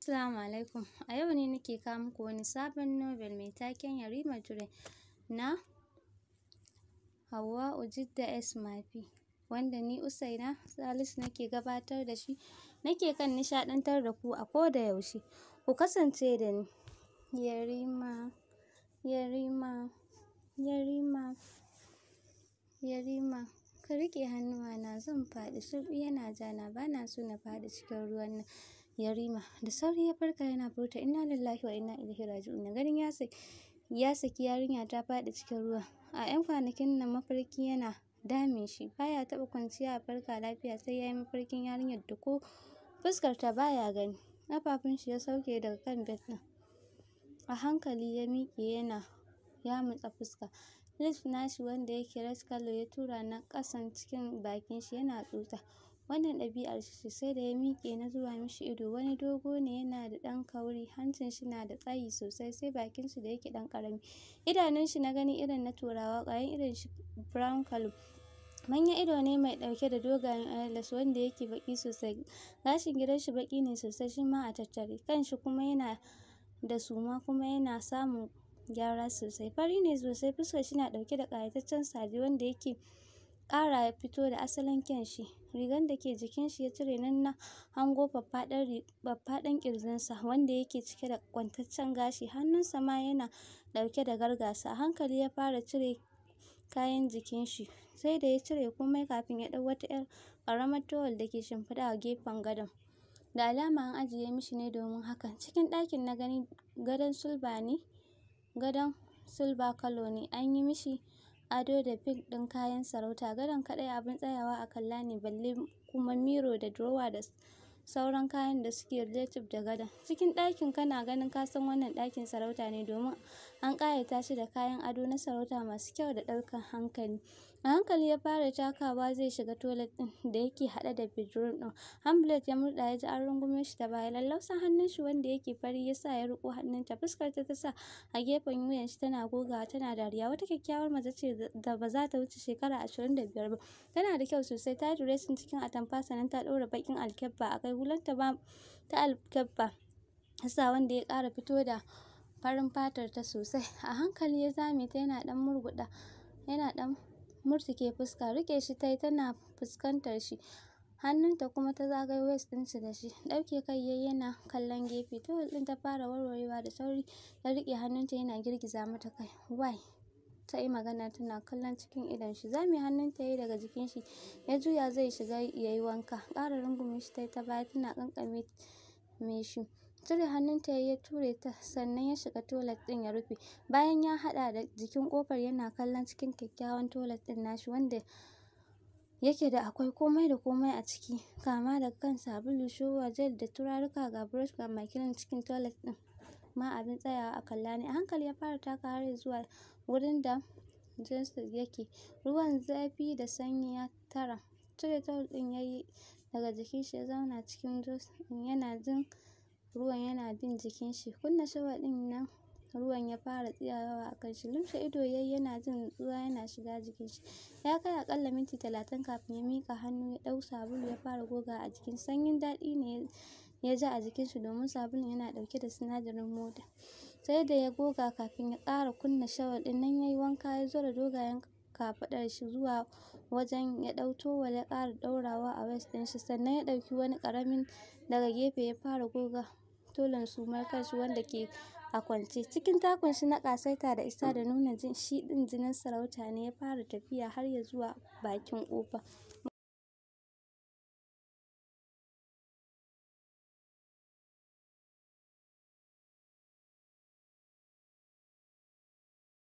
Assalamu alaikum. A yau ne nake kawo muku wani sabon novel mai taken Yarima Ture na Hauwa Ujidda S. Mafi wanda ni Usaina Salisu nake gabatar da shi. Nake kan nishaɗantar da ku a ko da yaushe. Ku kasance da ni. Yarima, Yarima, Yarima, Yarima. Ka riƙe hannuwana zan faɗi. Shirɓi yana jana, bana so na faɗi cikin ruwan nan. Yarima. Da sauri ya farka yana furta inna lillahi wa inna ilaihi raji'un. ganin ya saki yarinya ta faɗi cikin ruwa. A 'yan kwanakin nan mafarki yana damun shi. Baya taɓa kwanciya a farka lafiya sai yayi mafarkin yarinyar da ko fuskarta baya gani. Ƙafafun shi ya sauke daga kan bed ɗin. A hankali ya miƙe yana yamutsa fuska. Lips nashi wanda yake red colour ya tura na kasan cikin bakin shi yana tsotsa. Wannan ɗabi'ar ce sai da ya miƙe na zuwa mishi ido. Wani dogo ne yana da ɗan kauri, hancin shi na da tsayi sosai sai bakin shi da yake ɗan ƙarami. Idanun shi na gani irin na Turawa, ƙwayan idon shi brown colour. Manyan ido ne mai ɗauke da dogayen eyelash wanda yake baƙi sosai. Gashin gidan shi baƙi ne sosai shi a tattare. Kan shi kuma yana da suma kuma yana samun gyara sosai. Fari ne sosai, fuskar shi na ɗauke da ƙayataccen saje wanda yake ƙara ya fito da asalin kyan shi. Rigar da ke jikin shi ya cire nan hango faffaɗan sa wanda yake cike da kwantaccen gashi, hannun sa ma yana ɗauke da gargasa. A hankali ya fara cire kayan jikin shi, sai da ya cire komai kafin ya ɗau wata 'yar ƙaramar towel da ke shimfiɗe a gefen gadon. Da alama an ajiye mishi ne domin haka. Cikin ɗakin na gani gadon silba ne, gadon silba kalo ne, an yi mishi ado da fil ɗin kayan sarauta. Gadon kaɗai abin tsayawa a kalla ne balle kuma miro da drowa da sauran kayan da suke relative da gadon. Cikin ɗakin kana ganin ka san wannan ɗakin sarauta ne domin an ƙayata shi da kayan ado na sarauta masu kyau da ɗaukan hankali. A hankali ya fara takawa zai shiga toilet ɗin da yake haɗe da bedroom ɗin. Hamlet ya murɗa ya ji an rungume shi ta baya. Lallausan hannun shi wanda yake fari ya sa ya riƙo ta. Fuskar ta ta sa a gefen wuyan shi tana gogawa tana dariya. Wata kyakkyawar mace ce da ba za ta wuce shekara ashirin da biyar ba. Tana da kyau sosai. Ta yi shi cikin atamfa sannan ta ɗaura baƙin alkyabba a kai. hularta ba ta alkyabba ya sa wanda ya ƙara fito da farin fatar ta sosai. A hankali ya zame ta yana ɗan murguɗa yana ɗan ke fuska riƙe shi ta tana fuskantar shi hannunta kuma ta zagayo waist shi da shi ɗauke kai yayi yana kallon gefe towel ɗin ta fara warwarewa da sauri ya riƙe hannunta yana girgiza mata kai why ta yi magana tana kallon cikin idon shi zame hannunta yayi daga jikin shi ya juya zai shiga yayi wanka ƙara rungume shi ta ta baya tana ƙanƙame me shi cire hannunta ya ture ta sannan ya shiga toilet ɗin ya rufe bayan ya haɗa da jikin ƙofar yana kallon cikin kyakkyawan toilet ɗin nashi wanda yake da akwai komai da komai a ciki kama daga kan sabulu showa gel da turaruka ga brush ga makilin cikin toilet ɗin ma abin tsayawa a kalla ne a hankali ya fara taka har zuwa wurin da jinsin yake ruwan zafi da sanyi ya tara cire tawul ɗin yayi daga jikin shi ya zauna cikin jos ɗin yana jin ruwan yana bin jikin shi kunna shawa ɗin nan ruwan ya fara tsayawa a kan shi lumshe ido yayi yana jin ruwa yana shiga jikin shi ya kai a ƙalla minti talatin kafin ya mika hannu ya ɗau sabulu ya fara goga a jikin shi sanyin daɗi ne ya ji a jikin shi domin sabulun yana ɗauke da sinadarin mota sai da ya goga kafin ya ƙara kunna shawa ɗin nan yayi wanka ya zura dogayen kafaɗar shi zuwa wajen ya ɗau towel ya ƙara ɗaurawa a waist ɗin shi sannan ya ɗauki wani ƙaramin daga gefe ya fara goga tulin sumar shi wanda ke a kwance cikin takun shi na ƙasaita da isa da nuna shi ɗin jinin sarauta ne ya fara tafiya har ya zuwa bakin ƙofa